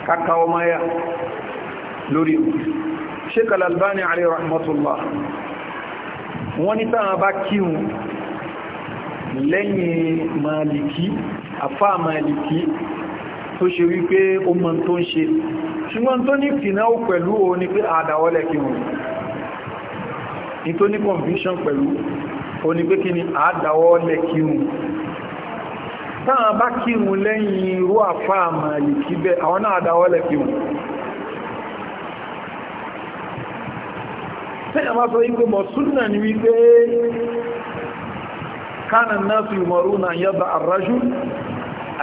kakawamaya lórí Sheikh al alayhi rahmatullah wọ́n ní táwọn bá kírun lẹ́yìn màálìkí àfá màálìkí tó ṣe wípé ó mọ́ tó ń ṣe ṣùgbọ́n tó ní fìnáwó pẹ̀lú o ní pé àdáwọ́lẹ̀ kírun ní tó ní conviction pẹ̀lú o ní pé kí ni àdáwọ́lẹ̀ kírun táwọn bá kírun lẹ́yìn irú àfá màálìkí bẹ́ẹ̀ àwọn náà àdáwọ́lẹ̀ kírun tẹ́yà máa sọ wípé mọ̀ súnà ní wípé kánà náà su yùmọ̀rú na yaba arrájú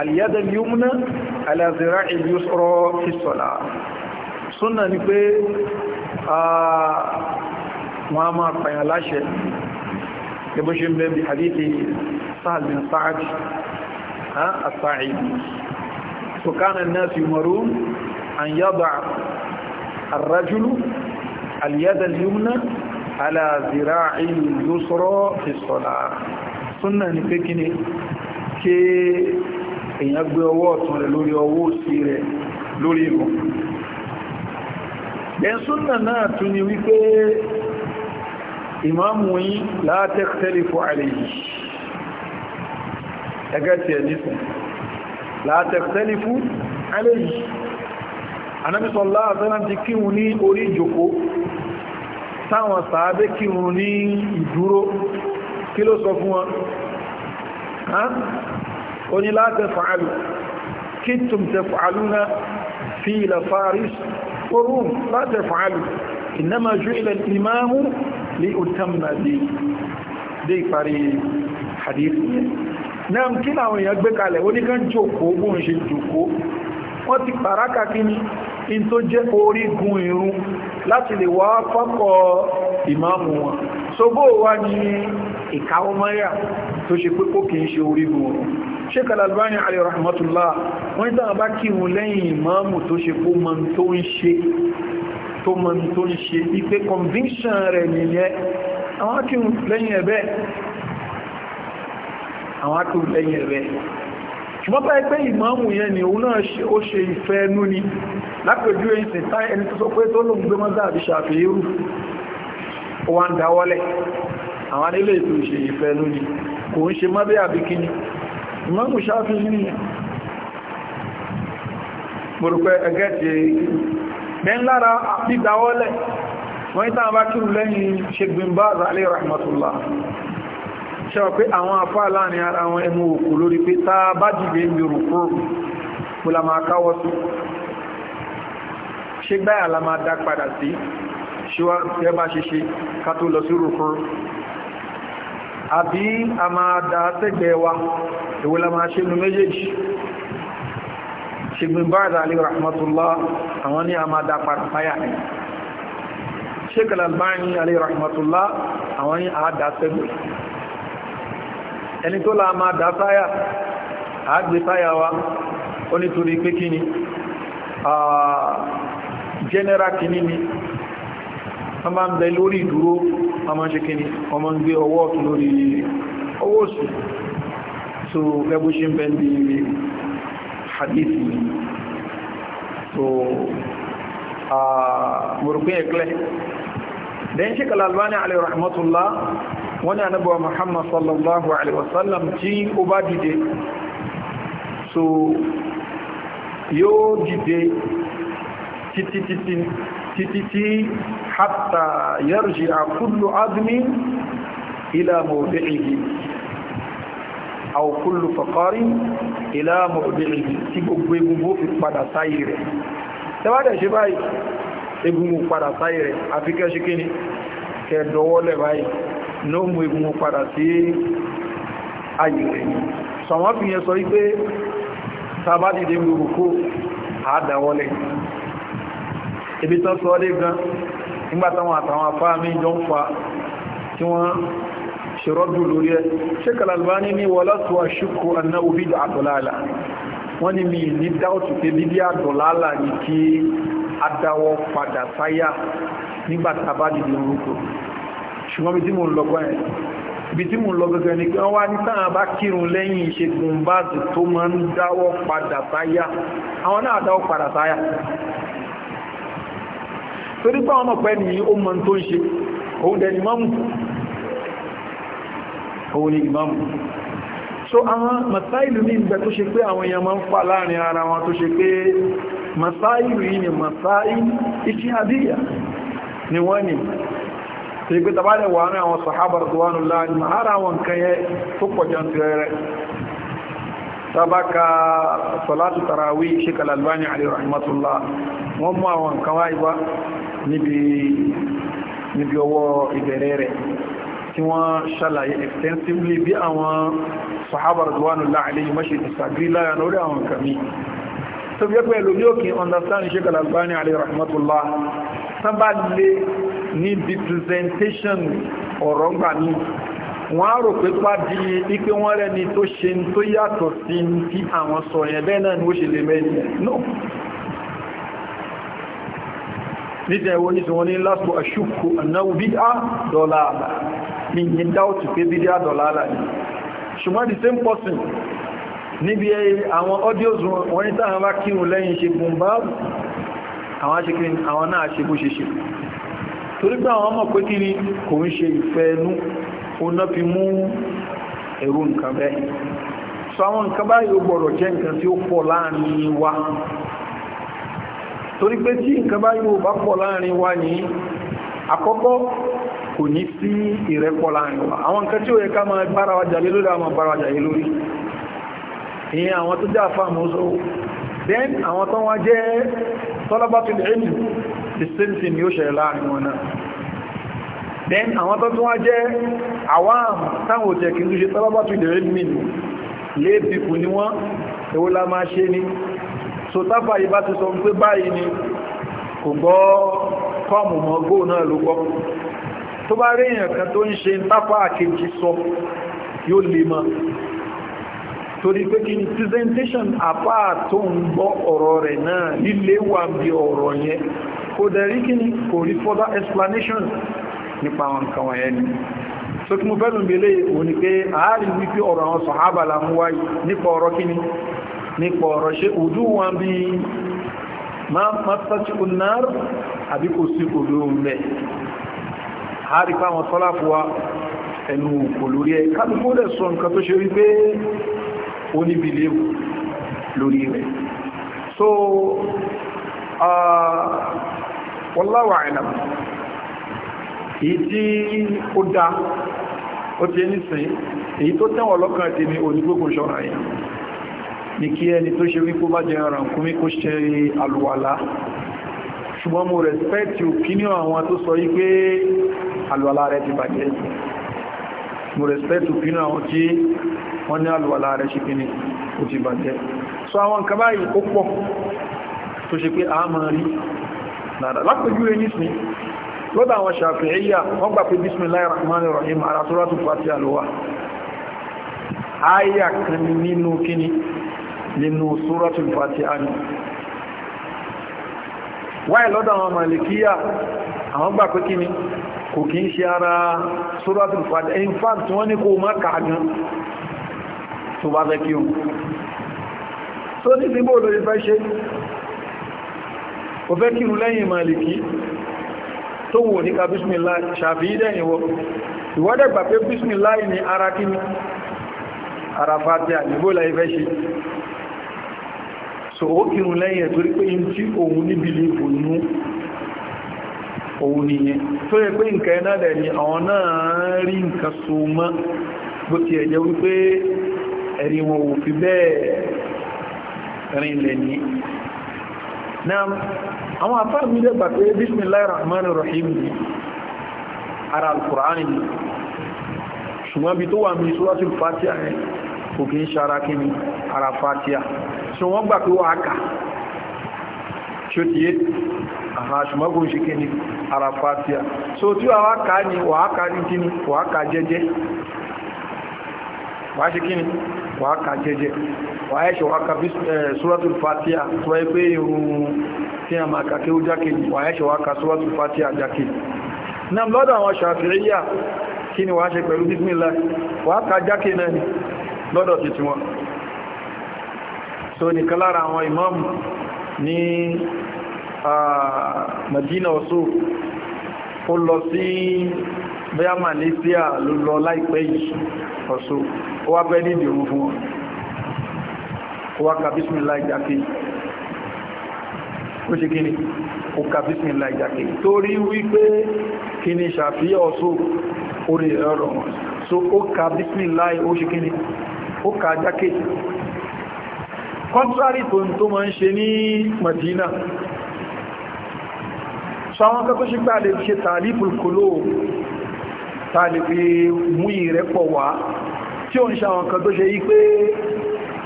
aliyadar yúmúná alazira ibi sọ́rọ̀ ìsọ̀lá súnà ní pé wọ́n a máa pàyàn láṣẹ gẹ́bọ́ ṣe ń bẹ́ bí hadithi sahal bin sa'ad aliyada yumna ala zira'i yusra fi salat súnà ní pé kí ni kí èyàn gbé ọwọ́ ọ̀tún rẹ̀ lórí ọwọ́ òsì rẹ̀ lórí ìwọ̀n ẹ̀ súnà náà tún ni wípé ìmáàmù yí látẹ́kẹ́lì fún àlèyìí ẹgẹ́ tí ẹ̀ nífẹ́ látẹ́kẹ́lì anábìsọ̀lá àtẹ́lá ti kíhun ní orí ìjòkó táwọn sàábé kírun ní ìdúró kí ló sọ fún wọn ó ní la taf'alu kittum taf'aluna fila faris wa rum la taf'alu innama ju'ila al-imamu li'utamma bihi dé ìparí hadith yẹn náà kí láwọn èèyàn gbé kalẹ̀ ó ní kán jòkó bóun ṣe jòkó wọ́n ti pàrákà kí ni in tó jẹ́ orígun ìrun láti lè wá fọ́pọ̀ ìmáàmù wọn so bó wá ní ìkáwọ́ mọ́yà tó ṣe pé kó kìí ṣe orí wọn Sheikh Al-Albani alayhi rahmatullah wọ́n ní tàbá kí wọn lẹ́yìn ìmáàmù tó ṣe pó mọ́ tó ń ṣe tó mọ́ tó ń ṣe ipé conviction rẹ̀ nìyẹn àwọn akíhun lẹ́yìn ẹ̀bẹ́ ṣùgbọ́n báyìí pé ìmáàmù yẹn ni òun náà ó ṣe ìfẹ́ ẹnu ni lápẹjú ẹ̀sìn táì ẹni tó sọ pé tó lóun gbé mọ́sá àbí ṣàfihàn ó wá ń dáwọ́lẹ̀ àwọn adélé ètò ìṣe ìfẹ́ ẹnu ni kò ń ṣe mọ́bẹ́ àbí kíni ìmáàmù ṣàfihàn ni mo rò pé ẹgẹ́ ti bẹ́ẹ̀ lára àbí dáwọ́lẹ̀ wọ́n ní táwọn bá kírun lẹ́yìn ṣègbìn ṣẹ́wọ̀ pé àwọn afá láàrin ara wọn ẹnu òkú lórí pé tá a bá dìde ń bèrò kúrò kó la máa káwọ́ sí ṣé gbáyà la máa dá padà sí ṣíwá ẹ bá ṣe ṣe ká tó lọ sí rùkúrú àbí a máa dá sẹ́gbẹ̀ẹ́ wa ìwé la máa ṣe nu méjèèjì ṣègbìn bá àdàlẹ́ rahmatullah àwọn ní a máa dá padà fáyà ní ṣékàlà báyìí alẹ́ rahmatullah àwọn ní a dá sẹ́gbẹ̀ẹ́ ẹni tó la máa dá sáyà àgbé sáyà wa ó nítorí pé kí ni general kìíní ni wọ́n máa ń bẹ lórí ìdúró ọmọ ṣe kìíní ọmọ ń gbé ọwọ́ ọ̀tún lórí ọwọ́ òsì so ẹbú ṣe ń bẹ ní hadith ni so ẹ̀kẹ́lẹ̀ dẹ́yìn ṣe kàlàlbáni alayhi rahmatullah wọ́n ní anábọ̀ Muhammad sallallahu alaihi wasallam tí ó bá dìde so yóò dìde títí tí hatta yarji a kullu azmi ila mawdi'ihi aw kullu faqarin ila mawdi'ihi tí gbogbo egungun fi padà sáyé rẹ̀ tẹwàdẹ̀ ṣe báyìí egungun padà sáyé rẹ̀ àfikẹ́ ṣe kíni kẹ́ẹ̀dọwọ́lẹ̀ báyìí ní ó mú egungun padà sí ayé rẹ̀ sọ̀wọ́n fi yẹn sọ wípé tàbá dìde gbogbo àádáwọlẹ̀ ibi tán sọ ọdé gan nígbàtàwọn àtàwọn afá mi jọ ń fa tí wọ́n ṣe rọ́dù lórí ẹ Sheikh Al-Albani ní wọ́lá tó àṣíkò anna obìdó àdọ̀láàlá wọ́n ni mi ní dáòtù pé bíbí àdọ̀láàlá ní kí adáwọ́ padà sáyà nígbàtàbá dìde gbogbo ṣùgbọ́n bí tí mo lọ gbọ́n ẹ̀ bí tí mo lọ gẹ́gẹ́ ní kan wá ní sáà bá kírun lẹ́yìn ìṣègùn báàzì tó máa ń dáwọ́ padà táyà àwọn náà dáwọ́ padà táyà torí pé ọmọpẹ́ ní ó mọ tó ń ṣe òun dẹ̀ ni mọ́mù òun ni mọ́mù so àwọn masáìlú ní ìgbẹ́ tó ṣe pé àwọn èèyàn máa ń fà láàrin ara wọn tó ni masáìlú ni wọ́n ni tí ó gbé tàbálẹ̀ wà ní àwọn sàhábàrà tó wà ní láàrin ma ara wọn kan yẹ tó pọ̀jọ́ ti rẹ̀ tabaka salatu tarawi sheikh al-albani alayhi rahmatullah wọ́n mú àwọn kan wá ibá níbi ọwọ́ ìbẹ̀rẹ̀ rẹ̀ tí wọ́n ṣàlàyé extensively bí àwọn sàhábàrà tó wà ní láàrin maṣe disagree lára lórí àwọn kàmí tó bí ẹ pẹ̀lú bí ó kí understand sheikh albani alayhi rahmatullah tán níbi presentation ọ̀rọ̀ gbà mí wọ́n á rò pé pàdí ipé wọ́n rẹni tó ṣe tó yàtọ̀ sí tí àwọn sọ yẹn bẹ́ẹ̀ náà ni ó ṣe lè mẹ́rin no nígbà ẹwọ́ ní tí wọ́n ní lásìkò àṣùkò ànáwó bí á dọ́là àlà ní ìyẹn dáòtù pé bí á dọ́là àlà ni ṣùgbọ́n the same person níbi àwọn audios wọ́n ní táwọn bá kírun lẹ́yìn ṣe gbùnbá àwọn náà ṣe bó ṣe ṣe torí pé àwọn ọmọ pé kí ni kò ń ṣe ìfẹ́ ẹnu oná fi mú ẹ̀rù nǹkan bẹ́ẹ̀ so àwọn nǹkan báyìí ó gbọ́dọ̀ jẹ́ nǹkan tí ó pọ̀ láàrin wa torí pé tí nǹkan báyìí ó bá pọ̀ láàrin wa ní àkọ́kọ́ kò ní sí ìrẹ́pọ̀ láàrin wa àwọn nǹkan tí ó yẹ ká máa bára wa jà lórí àwọn bára wa jà lórí ìyẹn àwọn tó jẹ́ àfáàmù then àwọn tó wọ́n jẹ́ tọ́lọ́bátù ìlú the same thing yóò ṣẹlẹ̀ láàrin wọn náà then àwọn tó tún wá jẹ́ àwọn táwọn òtẹ̀ kìí ṣe tọ́lọ́bátù ìlú mi léèpìpù ni wọ́n èwo la máa ṣe ni so tápà yìí bá ti sọ pé báyìí ni kò gbọ́ kọ́ọ̀mù mọ́ góò náà ló gbọ́ tó bá rí èèyàn kan tó ń ṣe tápà kejì sọ yóò lè mọ́ torí pé kí ni presentation apá tó ń gbọ́ ọ̀rọ̀ rẹ̀ náà líle wà bí ọ̀rọ̀ yẹn kò dẹ̀rí kí ni kò rí further explanation nípa àwọn nǹkan wọ̀nyẹn ni so kí mo fẹ́ lóun belé òun ni pé àárín wípé ọ̀rọ̀ àwọn sọ̀hábà la mú wáyé nípa ọ̀rọ̀ kí ni nípa ọ̀rọ̀ ṣe ojú wọn bí máa mọ́sánṣíkò náà àbí kò sí kò lóun bẹ́ àárín pàwọn sọ́láfíwá ẹnu kò lórí ẹ̀ kálukú lẹ̀ sọ nǹkan tó ṣe wípé oníbìlẹ̀wò lórí rẹ̀ so uh, wallahu a'lam èyí tí ó dá ó ti ẹni sìn èyí tó tẹ́wọ̀n lọ́kàn ti ní onígbogbo ṣọ́ra yẹn ní kí ẹni tó ṣe wípó bá jẹ ọ̀rànkúnmí kó ṣe àlùwàlá ṣùgbọ́n mo respect opinion àwọn tó sọ wípé àlùwàlá rẹ̀ ti bàjẹ́ mo respectu kínú àwọn tí wọ́n ní àlùwàlá rẹ̀ ṣe kí ni ó ti bàjẹ́ so àwọn nǹkan báyìí ó pọ̀ tó ṣe pé àmà rí lára lápẹjú rẹ̀ nísìn lọ́dọ̀ àwọn Ṣàfi'íyà wọ́n gbà pé bismillahir rahmanir kò kìí ṣe ara suratul fatiha in fact wọ́n ní kò má kàágan tó bá fẹ́ kí o tó ní sí bóòdó ìfẹ́ ṣe o fẹ́ kírun lẹ́yìn Màlìkí tó wò ní ká bísmìlá ṣàfihídẹ̀ ìwọ ìwọ́dẹ̀ gbà pé bísmìlá ní ara kí ní ara fatiha ní bóòlá ìfẹ́ ṣe so ó o lẹ́yìn ẹ̀ torí pé in tí òun níbi lè òun nìyẹn tó yẹ pé nǹkan ẹ̀nà rẹ̀ ni àwọn náà rí nǹkan so mọ́ bó ti ẹ̀jẹ́ wípé ẹ̀rí wọn ò fi bẹ́ẹ̀ rìn lẹ̀ ní na àwọn afẹ́ mi dẹ́gbà pé bismillahir rahmanir rahim ni ara al-Qur'ani ni ṣùgbọ́n ara ṣó ti yé àwọn aṣùmọ́gbò ṣe kí ni ara fàtíà so tí wàá ká ní wàá ká ní kí ni wàá ká jẹ́jẹ́ wàá ṣe kí ni wàá ká jẹ́jẹ́ wàá ẹ̀ṣẹ̀ wàá ká suratul fàtíà tó wáyé pé irun tí a máa ká kí ni jákè ni lọ́dọ̀ ti tiwọn so ní Madina ọ̀sọ́ ó lọ sí bóyá Malaysia ló lọ láìpẹ́ yìí ọ̀sọ́ ó wá bẹ́ ní ìdìrún fún wọn ó wá kàbísùn láìjáké ó ṣe kíni ó kàbísùn láìjáké torí wípé kíni ṣàfihàn ọ̀sọ́ orí ẹ̀rọ so ó kàbísùn láì ṣe kíni ó kàjáké contrary tó tó ma ń ṣe ní Madina so àwọn kan tó ṣe pé a lè ṣe tààlìpùl kòló tààlìpì mú ìrẹ́pọ̀ wá tí ó ń ṣe àwọn kan ṣe yí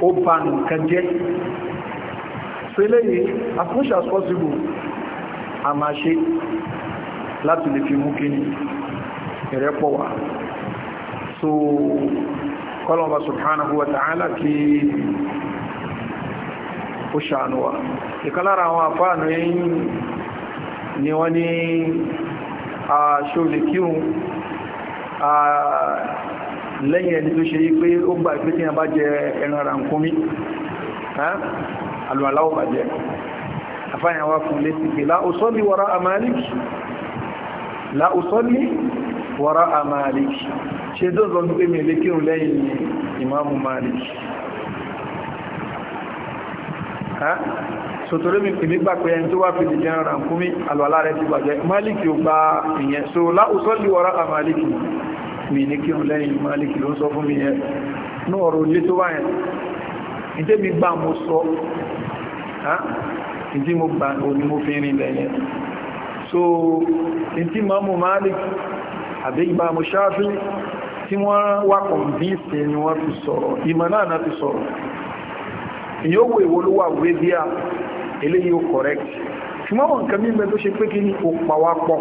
ó bà nǹkan jẹ́ so eléyìí as much as possible a máa ṣe láti lè fi mú kíni ìrẹ́pọ̀ wá so kọlọ̀mọ̀ subhanahu wa ta'ala kó ṣàánú wa ìkan lára àwọn àfáànù yìí ni wọ́n ní aṣòlè kírun lẹ́yìn ẹni tó ṣe yí pé ó gbà pé tí a bá jẹ ẹran ràǹkúnmí alùaláwò bàjẹ́ àfáàyàn wá fún létí pé láòsọ́lì wọ́rá àmàlìkì láòsọ́lì wọ́rá àmàlìkì ṣe dọ́zọ́ ní pé mi lẹ́yìn ìmáàmù màlìkì tán sòtòrí mi pèmí gbà pé ẹni tó wá fi dìjẹ́ ràn fún mi àlọ́lá rẹ̀ ti bàjẹ́ máàlìkì ò gba ìyẹn so láhùsọ́ lè wọ́rá àmàlìkì mi ní kí n lẹ́yìn máàlìkì ló ń sọ fún mi yẹn ní ọ̀rọ̀ ilé tó wáyẹ̀ ìdé mi gbà mo sọ ìdí mo gbà òní mo fi rìn lẹ́yìn so ìdí mọ́mù máàlìkì àbí ìgbà mo ṣááfí tí wọ́n wá kọ̀ǹdíìsì ni wọ́n fi sọ̀rọ̀ ìmọ̀ náà náà ìyẹn ó wo èwo ló wà wé eléyìí ó correct ṣùgbọ́n wọn nǹkan mímẹ́ tó ṣe pé kí ni ó pa wá pọ̀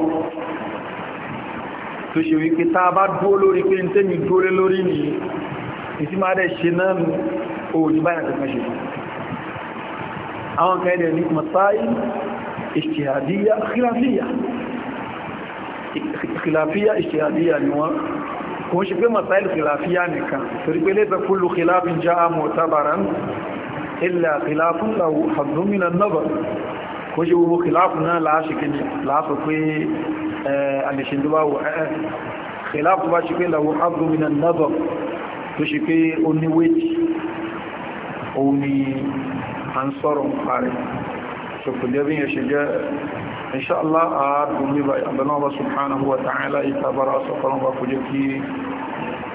tó ṣe wípé tá a bá dúó lórí pé ń tẹ́mi dúó lé lórí nìyí ìtí máa dẹ̀ ṣe náà nù òòjú báyìí kankan ṣe fún àwọn kan ẹ̀dẹ̀ ní masáyí ìṣẹ̀hàdíyà ìṣẹ̀hàdíyà ni wọ́n kò ń ṣe pé masáyí khilafiyya nìkan torí pé tabaran illa khilafun lahu haddun min an-nazar ko ṣe gbogbo khilafu náà láàṣìkí ni láàṣọ pé alìṣẹ́dúbáwò ẹ̀ẹ́ khilafu bá ṣe pé lahu haddun min an-nazar tó ṣe pé ó ní wéjì òun ni a ń sọ́rọ̀ parí ṣokùnlẹ́bí yẹ ṣe jẹ́ inṣáàlá àádùn níbà àbẹ̀lọ́wọ́ subhanahu wa ta'ala ìtàbára sọ́kọ̀rọ̀ bá kú jẹ́ kí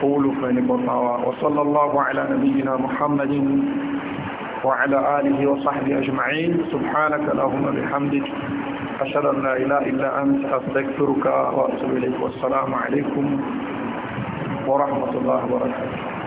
قولوا فنبطا وصلى الله على نبينا محمد وعلى آله وصحبه أجمعين سبحانك اللهم بحمدك أشهد أن لا إله إلا أنت أستغفرك وأتوب إليك والسلام عليكم ورحمة الله وبركاته